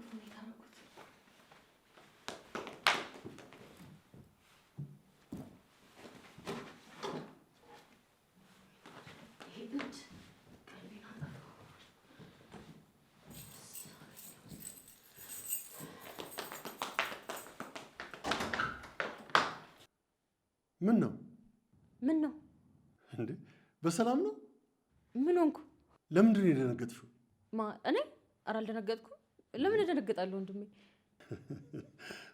ቁልፍ ነው የታረኩት። ምን ነው ምን ነው እንዴ? በሰላም ነው? ምን ሆንኩ? ለምንድን ነው የደነገጥሽው? ማ እኔ? ኧረ አልደነገጥኩም። ለምን እደነግጣለሁ ወንድሜ?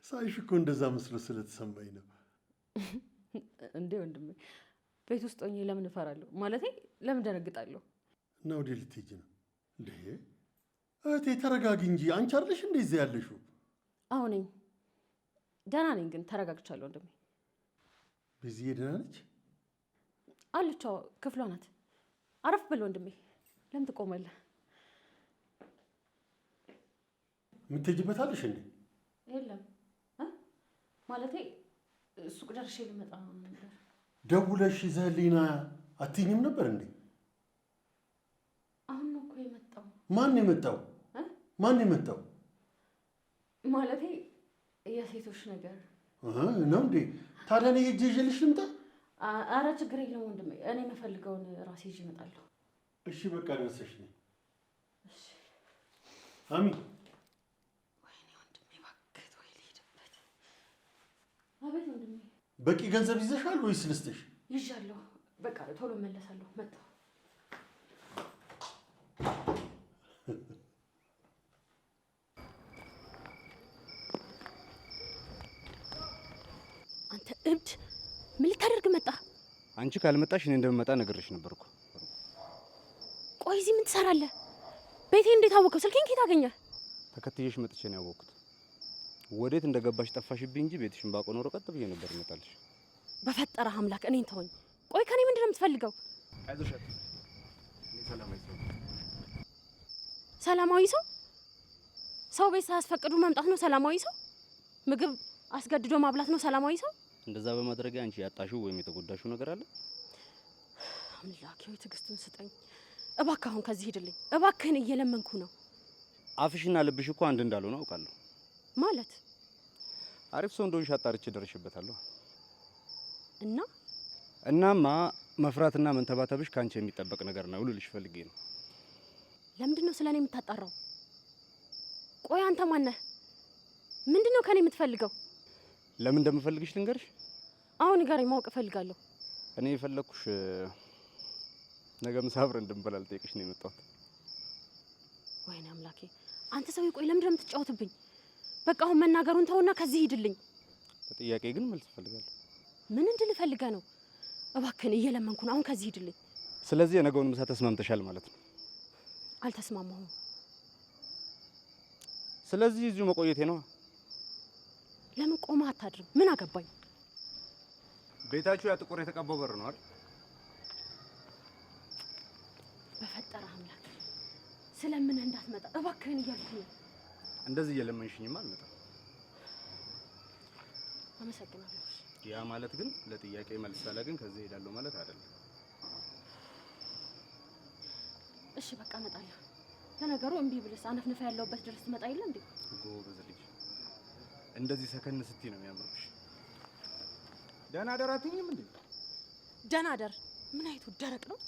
ሳይሽ እኮ እንደዛ መስሎ ስለተሰማኝ ነው። እንዴ ወንድሜ፣ ቤት ውስጥ ሆኜ ለምን እፈራለሁ? ማለቴ ለምን እደነግጣለሁ? እና ወደ ልትሄጂ ነው እንዴ? እህቴ ተረጋጊ እንጂ አንቺ አይደለሽ እንዴ እዚያ ያለሽው? አሁን ደህና ነኝ፣ ግን ተረጋግቻለሁ ወንድሜ። ቤዝዬ ደህና ነች አለች። ክፍሏ ናት። አረፍ በል ወንድሜ፣ ለምን ትቆማለህ? የምትሄጂበት አለሽ እንዴ? የለም ማለቴ ሱቅ ደርሼ ልመጣ ነው ነበር። ደውለሽ ዘሊና አትይኝም ነበር እንዴ? አሁን ነው እኮ የመጣው። ማን የመጣው? ማን የመጣው? ማለቴ የሴቶች ነገር ነው እንዴ? ታዲያ እኔ ሂጅ ይዤልሽ ልምጣ? አረ ችግር የለም ወንድሜ፣ እኔ የምፈልገውን ራሴ ይዤ እመጣለሁ። እሺ በቃ ደርሰሽ ነኝ። አሚ አቤት ወንድሜ። በቂ ገንዘብ ይዘሻል ወይስ ልስጥሽ? ይዣለሁ። በቃ ቶሎ መለሳለሁ። መጣሁ። አንተ እብድ! ምን ልታደርግ መጣ? አንቺ ካልመጣሽ እኔ እንደምመጣ ነገርሽ ነበርኩ። ቆይ እዚህ ምን ትሰራለህ? ቤቴ እንዴት አወቀው? ስልኬን ከየት አገኘህ? ተከትዬሽ መጥቼ ነው ያወቅኩት። ወዴት እንደገባሽ ጠፋሽብኝ እንጂ ቤትሽን ባቆ ኖሮ ቀጥ ብዬ ነበር እመጣልሽ። በፈጠረ አምላክ እኔን ተወኝ። ቆይ ከኔ ምንድን ነው የምትፈልገው? ሰላማዊ ሰው ሰው ቤት ሳያስፈቅዱ መምጣት ነው ሰላማዊ ሰው? ምግብ አስገድዶ ማብላት ነው ሰላማዊ ሰው? እንደዛ በማድረግ አንቺ ያጣሽው ወይም የተጎዳሽው ነገር አለ? አምላኬ ትዕግስቱን ስጠኝ እባክህ። አሁን ከዚህ ሂድልኝ እባክህን፣ እየለመንኩ ነው። አፍሽና ልብሽ እኮ አንድ እንዳልሆነ አውቃለሁ። ማለት አሪፍ ሰው እንደሆንሽ አጣርቼ ደርሽበታለሁ። እና እናማ መፍራትና መንተባተብሽ ከአንቺ የሚጠበቅ ነገር ነው ልልሽ ፈልጌ ነው። ለምንድን ነው ስለ እኔ የምታጣራው? ቆይ አንተ ማነህ? ምንድን ነው ከኔ የምትፈልገው? ለምን እንደምፈልግሽ ልንገርሽ? አሁን ንገረኝ፣ ማወቅ እፈልጋለሁ። እኔ የፈለግኩሽ ነገ ምሳ አብረን እንድንበላ ልጠይቅሽ ነው የመጣሁት። ወይኔ አምላኬ፣ አንተ ሰውዬ፣ ቆይ ለምንድን ነው የምትጫወትብኝ? በቃ አሁን መናገሩን ተውና ከዚህ ሂድልኝ። ለጥያቄ ግን መልስ እፈልጋለሁ። ምን እንድል ፈልገ ነው? እባክህን እየለመንኩ ነው። አሁን ከዚህ ሂድልኝ። ስለዚህ የነገውን ምሳ ተስማምተሻል ማለት ነው? አልተስማማሁም። ስለዚህ እዚሁ መቆየቴ ነው። ለምን ቆመ አታድርም? ምን አገባኝ። ቤታችሁ ያ ጥቁር የተቀባው በር ነው አይደል? በፈጠረ አምላክ ስለምን እንዳትመጣ እባክህን እያልኩ ነው። እንደዚህ እየለመንሽኝማ አልመጣም። አመሰግናለሁ። ያ ማለት ግን ለጥያቄ መልስ ግን ከዚህ እሄዳለሁ ማለት አይደለም። እሺ በቃ እመጣለሁ። ለነገሩ እምቢ ብለስ አነፍንፋ ያለውበት ድረስ ትመጣ የለ እንዴ? ጎበዝ ልጅ፣ እንደዚህ ሰከን ስትይ ነው የሚያምርብሽ። ደህና አደር አትይኝም እንዴ? ደህና አደር ምን አይቱ ደረቅ ነው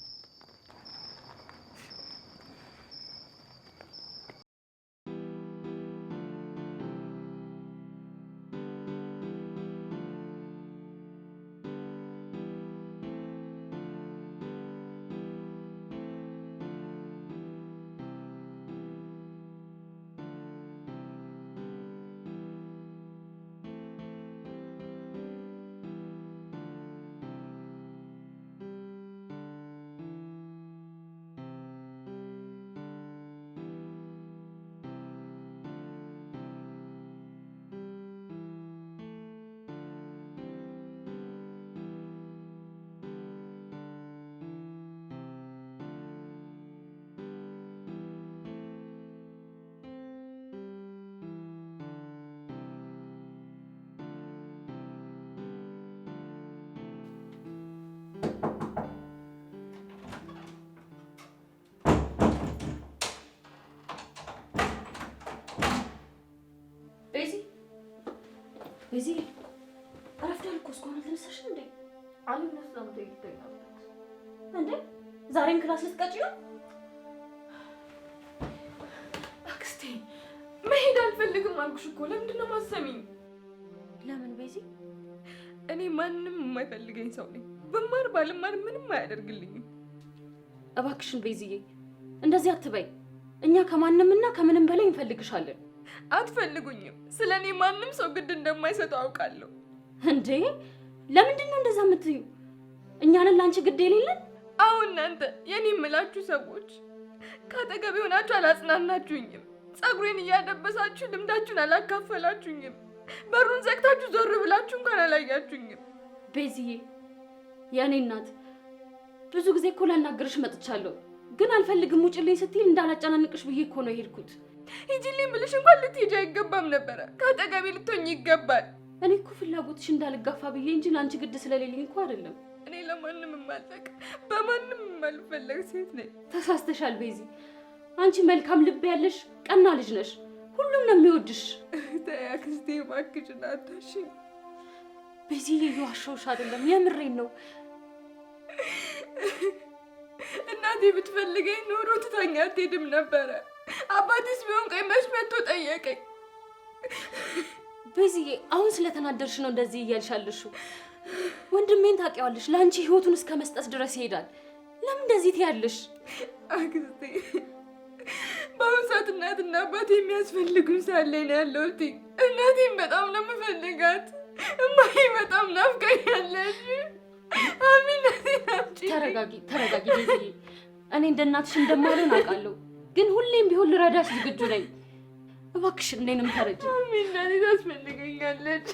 ቤዚ እረፍዷል እኮ እስካሁን አልተነሳሽም እንዴ? አልነሳም። ተይተኛበት እንዴ? ዛሬም ክላስ ልትቀጭ ነው? አክስቴ መሄድ አልፈልግም አልኩሽ እኮ ለምንድን ነው ለምን ቤዚ? እኔ ማንም የማይፈልገኝ ሰው ነኝ። ብማር ባልማር ምንም አያደርግልኝም። እባክሽን ቤዚዬ እንደዚህ አትበይ። እኛ ከማንም እና ከምንም በላይ እንፈልግሻለን። አትፈልጉኝም። ስለ እኔ ማንም ሰው ግድ እንደማይሰጠው አውቃለሁ። እንዴ ለምንድን ነው እንደዛ የምትዩ? እኛንን ለአንቺ ግድ የሌለን? አዎ እናንተ የኔ የምላችሁ ሰዎች ከአጠገቤ ሆናችሁ አላጽናናችሁኝም። ጸጉሬን እያደበሳችሁ ልምዳችሁን አላካፈላችሁኝም። በሩን ዘግታችሁ ዞር ብላችሁ እንኳን አላያችሁኝም። ቤዚዬ የእኔ እናት ብዙ ጊዜ እኮ ላናግርሽ መጥቻለሁ፣ ግን አልፈልግም ውጭልኝ ስትል እንዳላጨናንቅሽ ብዬ እኮ ነው የሄድኩት። ሂጂልኝ ብልሽ እንኳን ልትሄጂ አይገባም ነበረ። ከአጠገቤ ልትሆኝ ይገባል። እኔ እኮ ፍላጎትሽ እንዳልጋፋ ብዬ እንጂ ለአንቺ ግድ ስለሌለኝ እኮ አይደለም። እኔ ለማንም የማልጠቅ በማንም የማልፈለግ ሴት ነኝ። ተሳስተሻል ቤዚ። አንቺ መልካም ልብ ያለሽ ቀና ልጅ ነሽ። ሁሉም ነው የሚወድሽ። ተያክስቴ አክስቴ እባክሽን አታሽኝ። ቤዚ የዋሸሁሽ አይደለም፣ የምሬን ነው። እናቴ ብትፈልገኝ ኖሮ ትታኛ አትሄድም ነበረ። አባቴስ ቢሆን ቀይ መች መጥቶ ጠየቀኝ። ቤዝዬ አሁን ስለተናደርሽ ነው እንደዚህ እያልሻለሹ። ወንድሜን ታውቂዋለሽ፣ ለአንቺ ህይወቱን እስከ መስጠት ድረስ ይሄዳል። ለምን እንደዚህ ትያለሽ? አክስቴ በአሁኑ ሰዓት እናትና አባት የሚያስፈልጉኝ ሳለ ነው ያለሁት። እናቴን በጣም ነው የምፈልጋት። እማዬ በጣም ናፍቀኛለች። አሚን፣ ተረጋጊ፣ ተረጋጊ ተረጋጊ እኔ እንደ እናትሽ እንደማልሆን አውቃለሁ። ግን ሁሌም ቢሆን ልረዳሽ ዝግጁ ነኝ። እባክሽ እኔንም ተረጅ። ሚናኔ ታስፈልገኛለች።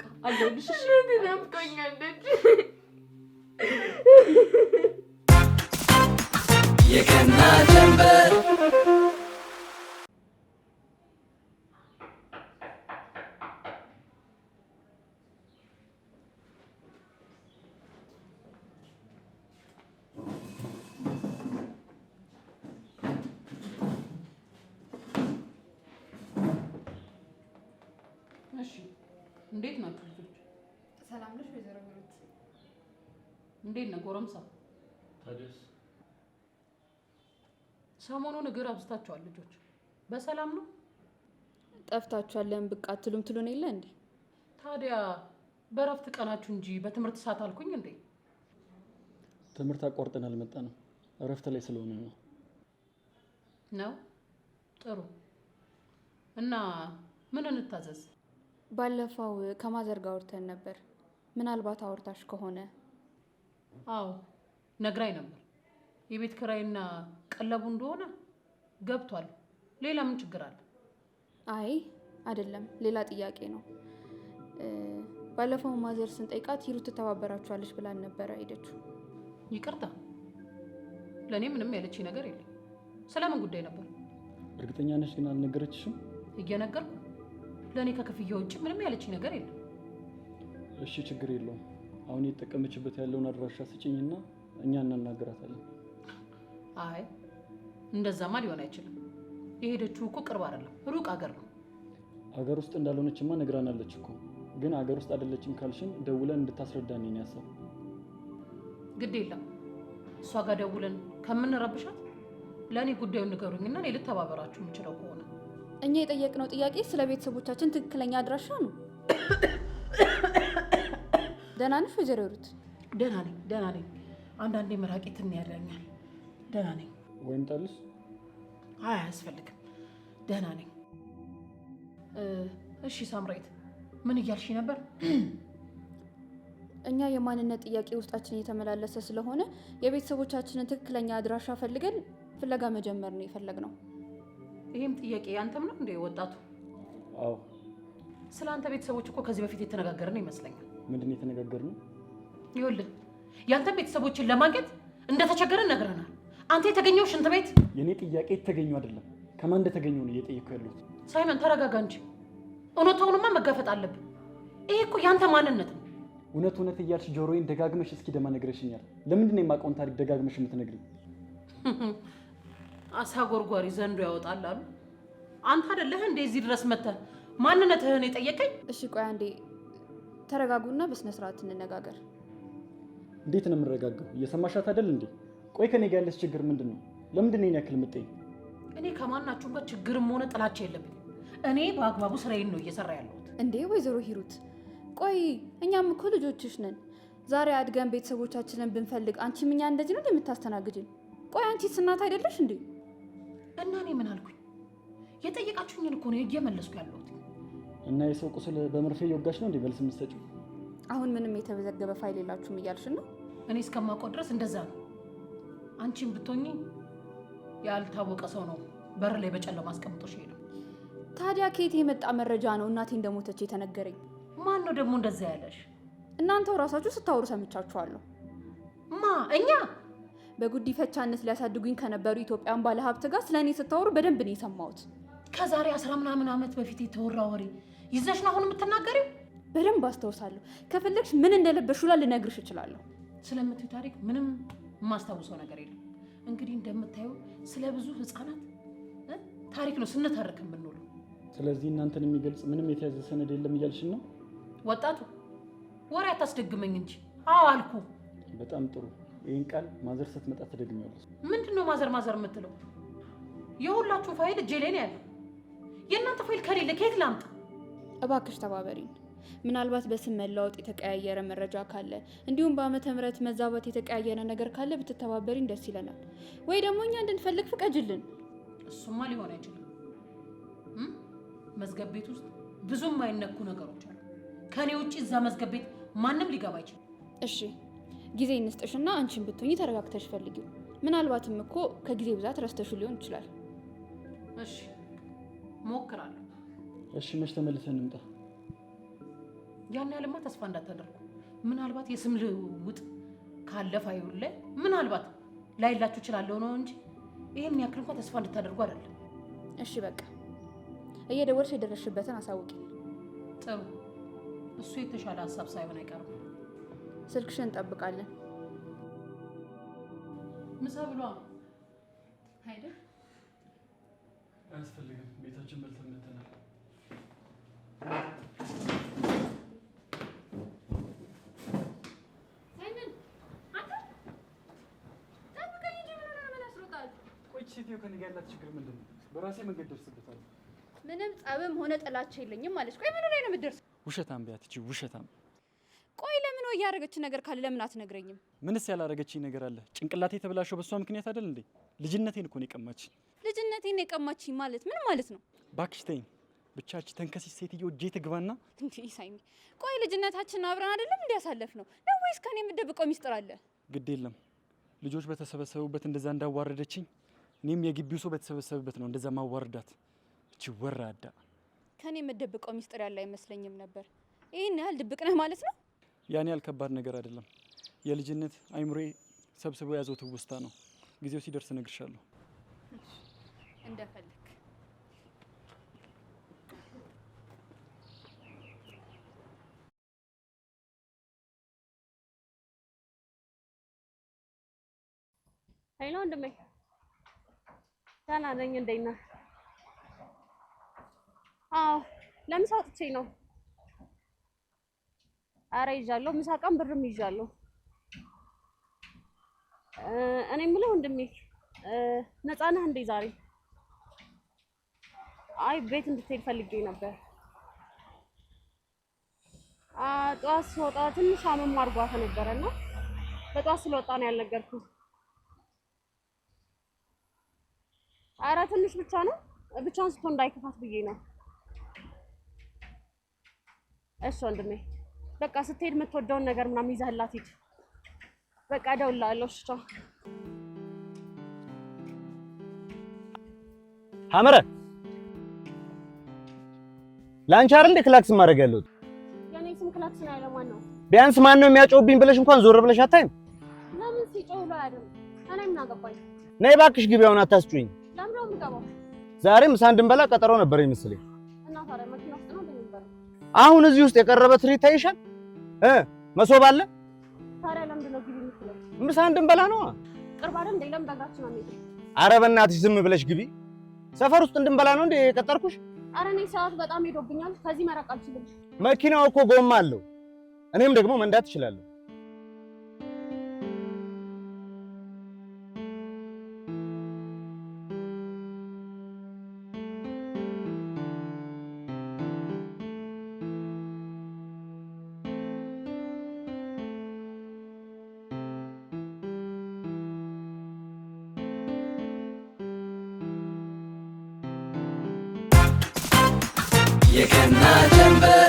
በቃ አለሁልሽ። ናፍቆኛለች። ጀንበር እንዴት ነው ጎረምሳ? ታዲያስ ሰሞኑን እግር አብዝታችኋል ልጆች፣ በሰላም ነው? ጠፍታችኋል። ለምን ብቅ አትሉም ትሉን የለ እንዴ? ታዲያ በእረፍት ቀናችሁ እንጂ በትምህርት ሰዓት አልኩኝ እንዴ? ትምህርት አቋርጠን አልመጣንም፣ እረፍት ላይ ስለሆነ ነው። ነው ጥሩ። እና ምን እንታዘዝ? ባለፈው ከማዘርጋ አውርተን ነበር። ምናልባት አውርታሽ ከሆነ አዎ ነግራኝ ነበር። የቤት ክራይና ቀለቡ እንደሆነ ገብቷል። ሌላ ምን ችግር አለ? አይ አይደለም፣ ሌላ ጥያቄ ነው። ባለፈው ማዘር ስንጠይቃት ሂሩት ትተባበራችኋለች ብላን ነበረ። ሄደችው። ይቅርታ፣ ለእኔ ምንም ያለች ነገር የለም። ስለምን ጉዳይ ነበር? እርግጠኛ ነሽ ግን አልነገረችሽም? እየነገርኩ፣ ለእኔ ከክፍያ ውጭ ምንም ያለች ነገር የለም። እሺ፣ ችግር የለውም አሁን የተጠቀመችበት ያለውን አድራሻ ስጭኝና እኛ እናናገራታለን። አይ እንደዛማ ሊሆን አይችልም። የሄደችው እኮ ቅርብ አይደለም፣ ሩቅ አገር ነው። አገር ውስጥ እንዳልሆነችማ ነግራናለች እኮ። ግን አገር ውስጥ አይደለችም ካልሽን ደውለን እንድታስረዳን ነው ያሰብ። ግድ የለም እሷ ጋር ደውለን ከምንረብሻት ለእኔ ጉዳዩን ንገሩኝና እኔ ልተባበራችሁ የምችለው ከሆነ እኛ የጠየቅነው ጥያቄ ስለ ቤተሰቦቻችን ትክክለኛ አድራሻ ነው። ደህና ነሽ ወይዘሮ ሩት? ደህና ነኝ፣ ደህና ነኝ። አንዳንዴ መራቄ ትን ያለኛል። ደህና ነኝ። ወይም ጠልስ? አይ አያስፈልግም፣ ደህና ነኝ። እሺ ሳምሬት፣ ምን እያልሽ ነበር? እኛ የማንነት ጥያቄ ውስጣችን እየተመላለሰ ስለሆነ የቤተሰቦቻችንን ትክክለኛ አድራሻ ፈልገን ፍለጋ መጀመር ነው የፈለግነው። ይህም ጥያቄ አንተም ነው እንደ ወጣቱ? አዎ። ስለ አንተ ቤተሰቦች እኮ ከዚህ በፊት የተነጋገርን ይመስለኛል። ምንድን ነው የተነጋገርነው? ይኸውልህ ያንተ ቤተሰቦችን ለማግኘት እንደተቸገረ ነግረናል። አንተ የተገኘው ሽንት ቤት። የኔ ጥያቄ የተገኘው አይደለም ከማን እንደተገኘው ነው እየጠየኩ ያለሁት። ሳይመን ተረጋጋ እንጂ እውነታውንማ መጋፈጥ አለብን። ይሄ እኮ ያንተ ማንነት ነው። እውነት እውነት እያልሽ ጆሮዬን ደጋግመሽ እስኪ ደማ ነግረሽኛል። ለምንድን ነው የማውቀውን ታሪክ ደጋግመሽ የምትነግሪኝ? አሳ ጎርጓሪ ዘንዶ ያወጣል አሉ። አንተ አይደለህ እንደዚህ ድረስ መተህ ማንነትህን የጠየቀኝ? እሺ ቆይ አንዴ ተረጋጉና በስነ ስርዓት እንነጋገር። እንዴት ነው የምረጋገው እየሰማሻት አይደል እንዴ? ቆይ ከኔ ጋር ያለሽ ችግር ምንድን ነው? ለምንድን ነው ያክል ምጤ? እኔ ከማናችሁም ጋር ችግርም ሆነ ጥላቻ የለብኝ። እኔ በአግባቡ ስራዬን ነው እየሰራ ያለሁት። እንዴ ወይዘሮ ሂሩት ቆይ እኛም እኮ ልጆችሽ ነን። ዛሬ አድገን ቤተሰቦቻችንን ብንፈልግ አንቺ ምኛ እንደዚህ ነው የምታስተናግጅን? ቆይ አንቺ ስናት አይደለሽ እንዴ? እና እኔ ምን አልኩኝ? የጠየቃችሁኝን እኮ ነው እየመለስኩ ያለሁት። እና የሰው ቁስል በመርፌ እየወጋሽ ነው እንዴ? የምትሰጪው? አሁን ምንም የተመዘገበ ፋይል የላችሁም እያልሽን ነው? እኔ እስከማውቀው ድረስ እንደዛ ነው። አንቺን ብትሆኚ ያልታወቀ ሰው ነው በር ላይ በጨለማ አስቀምጦሽ ሄደ። ታዲያ ከየት የመጣ መረጃ ነው እናቴ እንደሞተች የተነገረኝ? ማን ነው ደግሞ እንደዛ ያለሽ? እናንተው ራሳችሁ ስታወሩ ሰምቻችኋለሁ። ማ እኛ በጉዲፈቻነት ሊያሳድጉኝ ከነበሩ ኢትዮጵያን ባለሀብት ጋር ስለ እኔ ስታወሩ በደንብ ነው የሰማሁት። ከዛሬ አስራ ምናምን ዓመት በፊት የተወራ ወሬ ይዘሽ ነው አሁን የምትናገሪው? በደንብ አስታውሳለሁ። ከፈለግሽ ምን እንደለበሽ ሁላ ልነግርሽ እችላለሁ። ስለምትዩ ታሪክ ምንም የማስታውሰው ነገር የለም። እንግዲህ እንደምታየው ስለ ብዙ ህፃናት ታሪክ ነው ስንተርክ የምንውለው። ስለዚህ እናንተን የሚገልጽ ምንም የተያዘ ሰነድ የለም እያልሽን ነው? ወጣቱ ወሬ አታስደግመኝ እንጂ። አዎ አልኩ። በጣም ጥሩ። ይህን ቃል ማዘር ስትመጣ ትደግሚያለሽ። ምንድን ነው ማዘር ማዘር የምትለው? የሁላችሁ ፋይል እጄ ላይ ነው ያለው። የእናንተ ፋይል ከሌለ ከየት ላምጣ? እባክሽ ተባበሪን። ምናልባት በስም መለዋወጥ የተቀያየረ መረጃ ካለ እንዲሁም በአመተ ምህረት መዛባት የተቀያየረ ነገር ካለ ብትተባበሪን ደስ ይለናል። ወይ ደግሞ እኛ እንድንፈልግ ፍቀጅልን። እሱማ ሊሆን አይችልም። መዝገብ ቤት ውስጥ ብዙም አይነኩ ነገሮች አሉ። ከኔ ውጭ እዛ መዝገብ ቤት ማንም ሊገባ አይችልም። እሺ ጊዜ እንስጥሽና አንቺን ብትሆኝ ተረጋግተሽ ፈልጊው። ምናልባትም እኮ ከጊዜ ብዛት ረስተሹ ሊሆን ይችላል። እሺ ሞክራለሁ። እሺ መች ተመልሰን እንምጣ። ያን ያለማ ተስፋ እንዳታደርጉ። ምናልባት የስም ልውውጥ ካለፈ አይሁን ላይ ምናልባት ላይላችሁ እችላለሁ ነው እንጂ ይህን ያክል እንኳን ተስፋ እንድታደርጉ አይደለም። እሺ በቃ እየደወልሽ የደረስሽበትን አሳውቂ። ጥሩ፣ እሱ የተሻለ ሀሳብ ሳይሆን አይቀርም። ስልክሽን እንጠብቃለን። ምሳ ብሏ አይደል? አያስፈልግም። ቤታችን በልተን መተናል። ሴትዮ ከኔ ጋር ያላት ችግር ምንድን ነው? በራሴ መንገድ ደርስበታለሁ። ምንም ጸብም ሆነ ጥላቻ የለኝም ማለች። ቆይ ምኑ ላይ ነው የምትደርሰው? ውሸታም ቢያት ውሸታም። ቆይ ለምን ወይ ያደረገች ነገር ካለ ለምን አትነግረኝም? ምንስ ያላረገችኝ ነገር አለ? ጭንቅላቴ የተበላሸው በሷ ምክንያት አይደል እንዴ? ልጅነቴን እኮ ነው የቀማችኝ። ልጅነቴን የቀማችኝ ማለት ምን ማለት ነው? እባክሽ ተይኝ ብቻች እቺ ሴትዮ እጄ ትግባና። እንዴ ሳይሚ፣ ቆይ ልጅነታችን አብረን አይደለም እንዲያሳለፍ ነው ነው ወይስ ከኔ የምደብቀው ሚስጥር አለ? ግድ የለም ልጆች በተሰበሰቡበት እንደዛ እንዳዋረደችኝ እኔም የግቢው ሰው በተሰበሰበበት ነው እንደዛ ማዋረዳት። እቺ ወራዳ ከኔ የምደብቀው ሚስጥር ያለ አይመስለኝም ነበር። ይህን ያህል ድብቅ ነህ ማለት ነው? ያን ያህል ከባድ ነገር አይደለም። የልጅነት አይምሮዬ ሰብስቦ የያዘው ትውስታ ነው። ጊዜው ሲደርስ እነግርሻለሁ። እንደፈልግ አይ ወንድሜ፣ ደህና ነኝ። እንደት ነህ? አዎ ለምሳ ወጥቼ ነው። አረ ይዣለሁ፣ ምሳ ቀን ብርም ይዣለሁ። እኔ የምለው ወንድሜ ነፃ ነህ እንዴ ዛሬ? አይ ቤት እንድትሄድ ፈልጌ ነበር። ጠዋት ስወጣ ትንሽ አመም አድርጓት ነበረና በጠዋት ስለወጣ ነው ያልነገርኩህ አረ ትንሽ ብቻ ነው። ብቻውን ስትሆን እንዳይከፋት ብዬ ነው። እሺ ወንድሜ በቃ ስትሄድ የምትወደውን ነገር ምናምን ይዘህላት ሂድ። በቃ እደውልልሃለሁ። እሺ ቻው። ሐመረ ለአንቺ አይደል እንደ ክላክስ ማድረግ ያለሁት? የኔ ስም ክላክስ ነው ያለው ማን ነው? ቢያንስ ማን ነው የሚያጮህብኝ ብለሽ እንኳን ዞር ብለሽ አታይም? ለምን ሲጮህ ነው ያለው? እኔ ምን አገባኝ? ነይ እባክሽ ግቢያውን አታስጩኝ። ዛሬ ምሳ እንድንበላ ቀጠሮ ነበር ይመስለኝ። አሁን እዚህ ውስጥ የቀረበ ትሪ ታይሻል እ መሶብ አለ። ምሳ እንድንበላ ነው። አረ በእናትሽ ዝም ብለሽ ግቢ። ሰፈር ውስጥ እንድንበላ ነው እንዴ የቀጠርኩሽ? አረ እኔ ሰዓት በጣም ሄዶብኛል። ከዚህ መራቅ አልችልም። መኪናው እኮ ጎማ አለው። እኔም ደግሞ መንዳት እችላለሁ። የቀና ጀንበር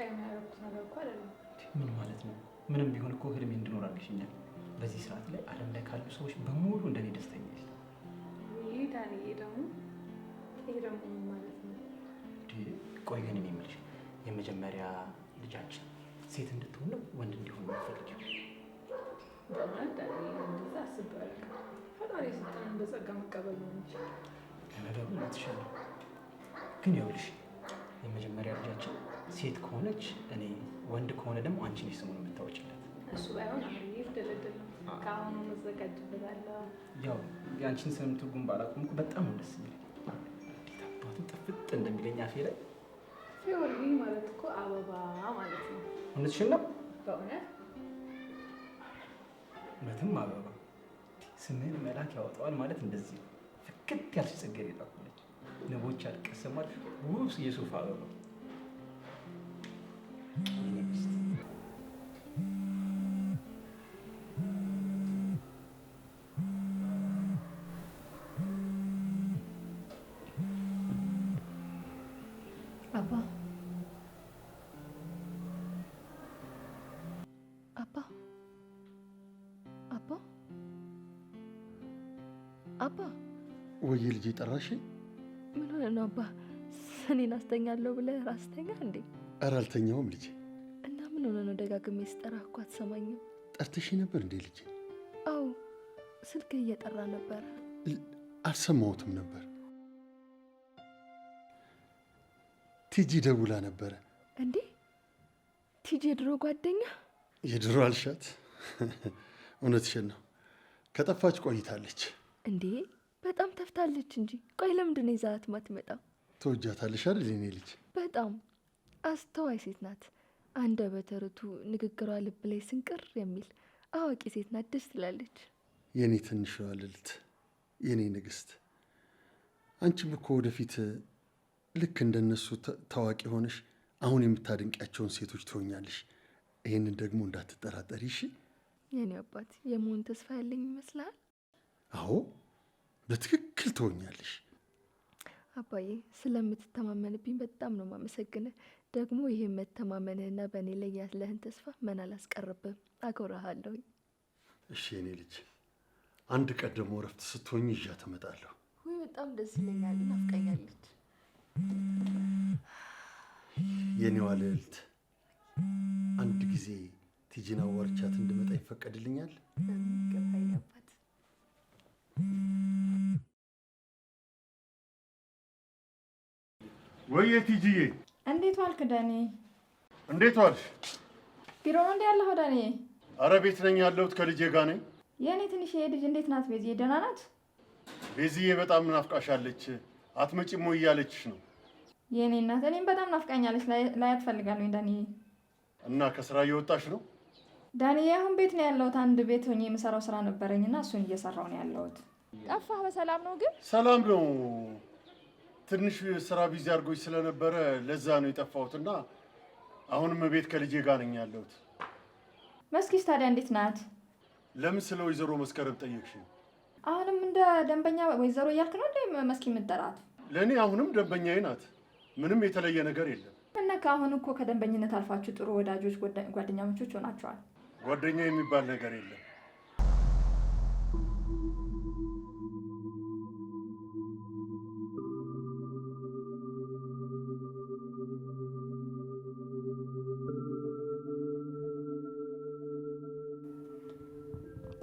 ምን ማለት ነው? ምንም ቢሆን እኮ ህልሜ እንድኖር አድርገሽኛል። በዚህ ሰዓት ላይ ዓለም ላይ ካሉ ሰዎች በሙሉ እንደኔ ደስተኛ ይችላል። ይህ ዳንዬ ደግሞ ይሄ ማለት ነው። ቆይ ግን የሚመልሽ የመጀመሪያ ልጃችን ሴት እንድትሆን ነው ወንድ እንዲሆን ማፈልግ ፈጣሪ ስልጣን በጸጋ መቀበል ነው እንጂ ለነገሩ ትሻለ ግን ይኸውልሽ የመጀመሪያ ልጃችን ሴት ከሆነች እኔ፣ ወንድ ከሆነ ደግሞ አንቺ ነሽ ስሙን የምታወጪለት። እሱ ባይሆን ከአሁኑ መዘጋጅበታለሁ። ያው የአንቺን ስም ትርጉም ባላቁም እኮ በጣም ደስ ይለኝ። አባቱ ጥፍጥ እንደሚለኝ አፌ ላይ ፊዮሪ ማለት እኮ አበባ ማለት ነው። እውነትሽን ነው። በእውነት እውነትም አበባ ስምህን መላክ ያወጣዋል ማለት እንደዚህ ነው። ፍክት ያልሽ ጽጌረዳ ነች፣ ንቦች አልቀሰማል ውብ የሱፍ አበባ ወይ ልጅ ጠራሽ? ምን ሆነ ነው አባ? ሰኔን አስተኛለሁ ብለህ ራስ ተኛ እንዴ? ኧረ አልተኛውም ልጄ። እና ምን ሆነ ነው ደጋግሜ ስጠራህ እኮ አትሰማኝም? ጠርተሽ ነበር እንዴ ልጄ? አዎ ስልክ እየጠራ ነበረ። አልሰማሁትም ነበር። ቲጂ ደውላ ነበረ። እንዴ ቲጂ የድሮ ጓደኛ? የድሮ አልሻት። እውነትሽን ነው፣ ከጠፋች ቆይታለች። እንዴ በጣም ተፍታለች እንጂ። ቆይ ለምንድን ነው የዛት ማትመጣው? ተወጃታለሽ አይደል? ልጅ በጣም አስተዋይ ሴት ናት። አንደበተ ርቱዕ፣ ንግግሯ ልብ ላይ ስንቅር የሚል አዋቂ ሴት ናት። ደስ ትላለች። የኔ ትንሿ ልዕልት፣ የኔ ንግስት፣ አንቺም እኮ ወደፊት ልክ እንደነሱ ታዋቂ ሆነሽ አሁን የምታደንቂያቸውን ሴቶች ትሆኛለሽ። ይህንን ደግሞ እንዳትጠራጠሪ እሺ። የኔ አባት የመሆን ተስፋ ያለኝ ይመስላል። አዎ በትክክል ትሆኛለሽ። አባዬ ስለምትተማመንብኝ በጣም ነው ማመሰግነ ደግሞ ይህ መተማመንህና በእኔ ላይ ያለህን ተስፋ ምን አላስቀርብም፣ አኮራሃለሁኝ። እሺ የኔ ልጅ፣ አንድ ቀን ደግሞ እረፍት ስትሆኝ ይዣት እመጣለሁ። በጣም ደስ ይለኛል፣ ናፍቀኛለች። የኔዋ ልዕልት፣ አንድ ጊዜ ቲጂን አዋርቻት እንድመጣ ይፈቀድልኛል? ገባኝ ቲጂዬ እንዴት ዋልክ ዳኔ? እንዴት ዋልሽ? ቢሮ ነው እንዴ ያለኸው ዳኔ? አረ ቤት ነኝ ያለሁት ከልጄ ጋር ነኝ። የእኔ ትንሽ ልጅ እንዴት ናት ቤዝዬ? ደህና ናት? ቤዝዬ በጣም ናፍቃሻለች፣ አትመጪም ወይ እያለችሽ ነው። የእኔ እናት እኔም በጣም ናፍቃኛለች፣ ላይ አትፈልጋለኝ ዳኔ። እና ከስራ እየወጣሽ ነው ዳኔ? አሁን ቤት ነው ያለሁት። አንድ ቤት ሆኜ የምሰራው ስራ ነበረኝ እና እሱን እየሰራው ነው ያለሁት። ጠፋህ በሰላም ነው ግን? ሰላም ነው ትንሽ ስራ ቢዚ አድርጎች ስለነበረ ለዛ ነው የጠፋሁት እና አሁንም ቤት ከልጄ ጋር ነኝ ያለሁት። መስኪስ ታዲያ እንዴት ናት? ለምን ስለ ወይዘሮ መስከረም ጠየቅሽ? አሁንም እንደ ደንበኛ ወይዘሮ እያልክ ነው እንደ መስኪ የምጠራት? ለእኔ አሁንም ደንበኛዬ ናት። ምንም የተለየ ነገር የለም። እና ከአሁን እኮ ከደንበኝነት አልፋችሁ ጥሩ ወዳጆች፣ ጓደኛሞቾች ሆናችኋል። ጓደኛ የሚባል ነገር የለም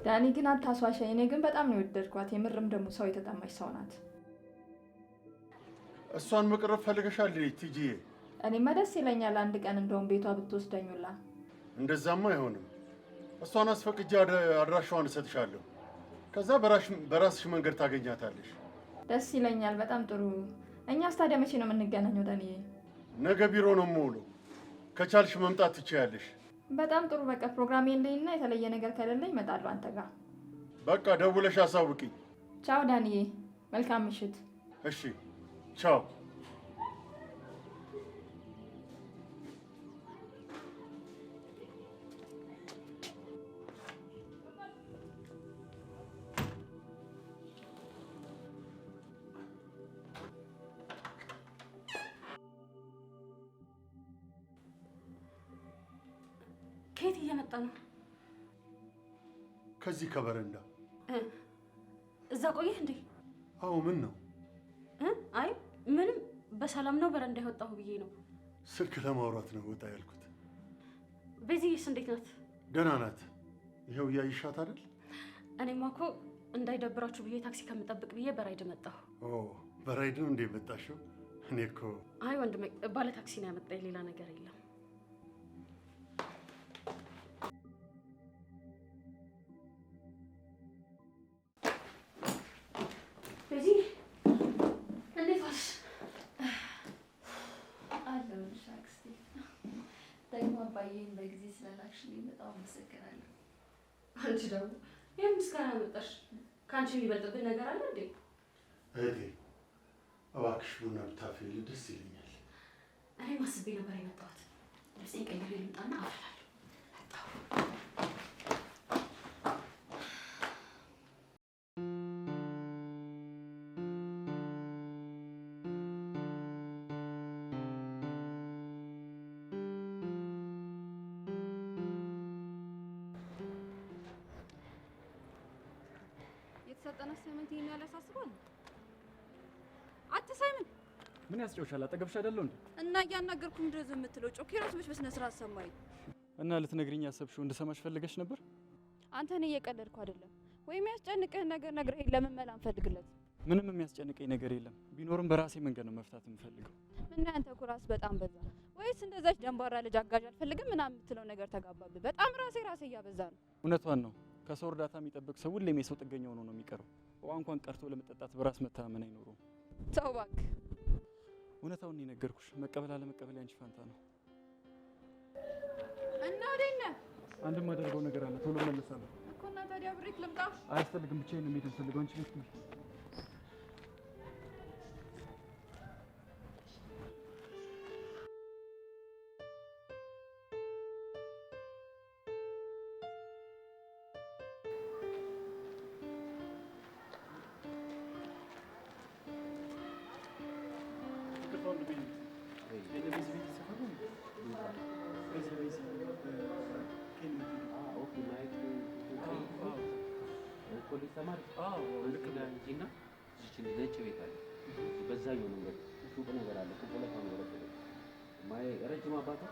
ዳኒ ግን አታስዋሻኝ። እኔ ግን በጣም ነው የወደድኳት። የምርም ደግሞ ሰው የተጠማች ሰው ናት። እሷን መቅረብ ፈልገሻል ቲጂዬ? እኔማ ደስ ይለኛል። አንድ ቀን እንደውም ቤቷ ብትወስደኙላ። እንደዛማ አይሆንም። እሷን አስፈቅጄ አድራሻዋን እሰጥሻለሁ። ከዛ በራስሽ መንገድ ታገኛታለሽ። ደስ ይለኛል። በጣም ጥሩ። እኛስ ታዲያ መቼ ነው የምንገናኘው ዳኒዬ? ነገ ቢሮ ነው የምውለው። ከቻልሽ መምጣት ትችያለሽ። በጣም ጥሩ። በቃ ፕሮግራም የለኝና የተለየ ነገር ከሌለኝ እመጣለሁ አንተ ጋር። በቃ ደውለሽ አሳውቂኝ። ቻው ዳንዬ፣ መልካም ምሽት። እሺ ቻው። ከየት እየመጣ ነው? ከዚህ ከበረንዳ። እዛ ቆየህ እንዴ? አዎ። ምን ነው? አይ ምንም፣ በሰላም ነው። በረንዳ የወጣሁ ብዬ ነው። ስልክ ለማውራት ነው ወጣ ያልኩት። ቤዚዬስ እንዴት ናት? ደህና ናት። ይኸው እያይሻት አይደል? እኔማ እኮ እንዳይደብራችሁ ብዬ ታክሲ ከምጠብቅ ብዬ በራይድ መጣሁ። በራይድ ነው እንዴ መጣሽው? እኔ እኮ አይ ወንድሜ ባለ ታክሲ ነው ያመጣኝ፣ ሌላ ነገር የለም። አለሁልሽ አክስቴ። ደግሞ አባዬን በጊዜ ስለላክሽልኝ በጣም አመሰግናለሁ። አንቺ ደግሞ ይህን ምስጋና መጣሽ። ከአንቺ የሚበልጥብን ነገር አለ እንዴ? እህቴ እባክሽ ቡና ብታፈል ደስ ይለኛል። እኔ ማስቤ ነበር የመጣሁት። ልብሴን ቀይሬ ልምጣና አፈላለሁ። ያስጮሻል። አጠገብሽ አይደለሁ እንዴ? እና እያናገርኩ ምንድን ነው የምትለው? ጮኬ በስነ ስርዓት ሰማኝ። እና ልትነግሪኝ ያሰብሽው እንደሰማሽ ፈልገሽ ነበር? አንተ እኔ እየቀለድኩ አይደለም። ወይ የሚያስጨንቅህ ነገር ነግረኸኝ ለምን መላ ምንም የሚያስጨንቀኝ ነገር የለም። ቢኖርም በራሴ መንገድ ነው መፍታት የምፈልገው። እና አንተ እኮ በጣም በዛ። ወይስ እንደዛች ደንባራ ልጅ አጋዥ አልፈልግም ምናምን የምትለው ነገር ተጋባብህ። በጣም ራሴ ራሴ እያበዛ ነው። እውነቷን ነው። ከሰው እርዳታ የሚጠብቅ ሰው ሁሌም የሰው ጥገኛ ሆኖ ነው የሚቀረው። ውሃ እንኳን ቀርቶ ለመጠጣት በራስ መተማመን አይኖረውም። ተው እባክህ። እውነታውን የነገርኩሽ መቀበል አለመቀበል ያንቺ ፋንታ ነው። እና ወዴት ነህ? አንድ የማደርገው ነገር አለ፣ ቶሎ መለሳለሁ እኮ እና ታዲያ ብሬክ ልምጣ? አያስፈልግም፣ ብቻዬን ነው የምሄድ። እንፈልገው አንቺ ቤት ኮሌጅ ተማሪ ቤት አለ። በዛኛው ነገር አለ። ረጅም አባታ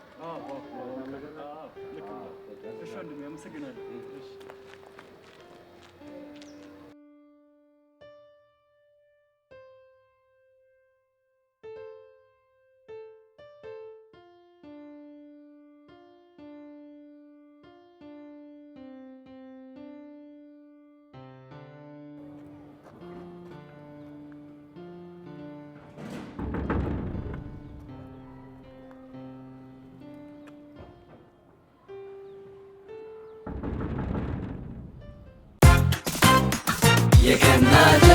You cannot.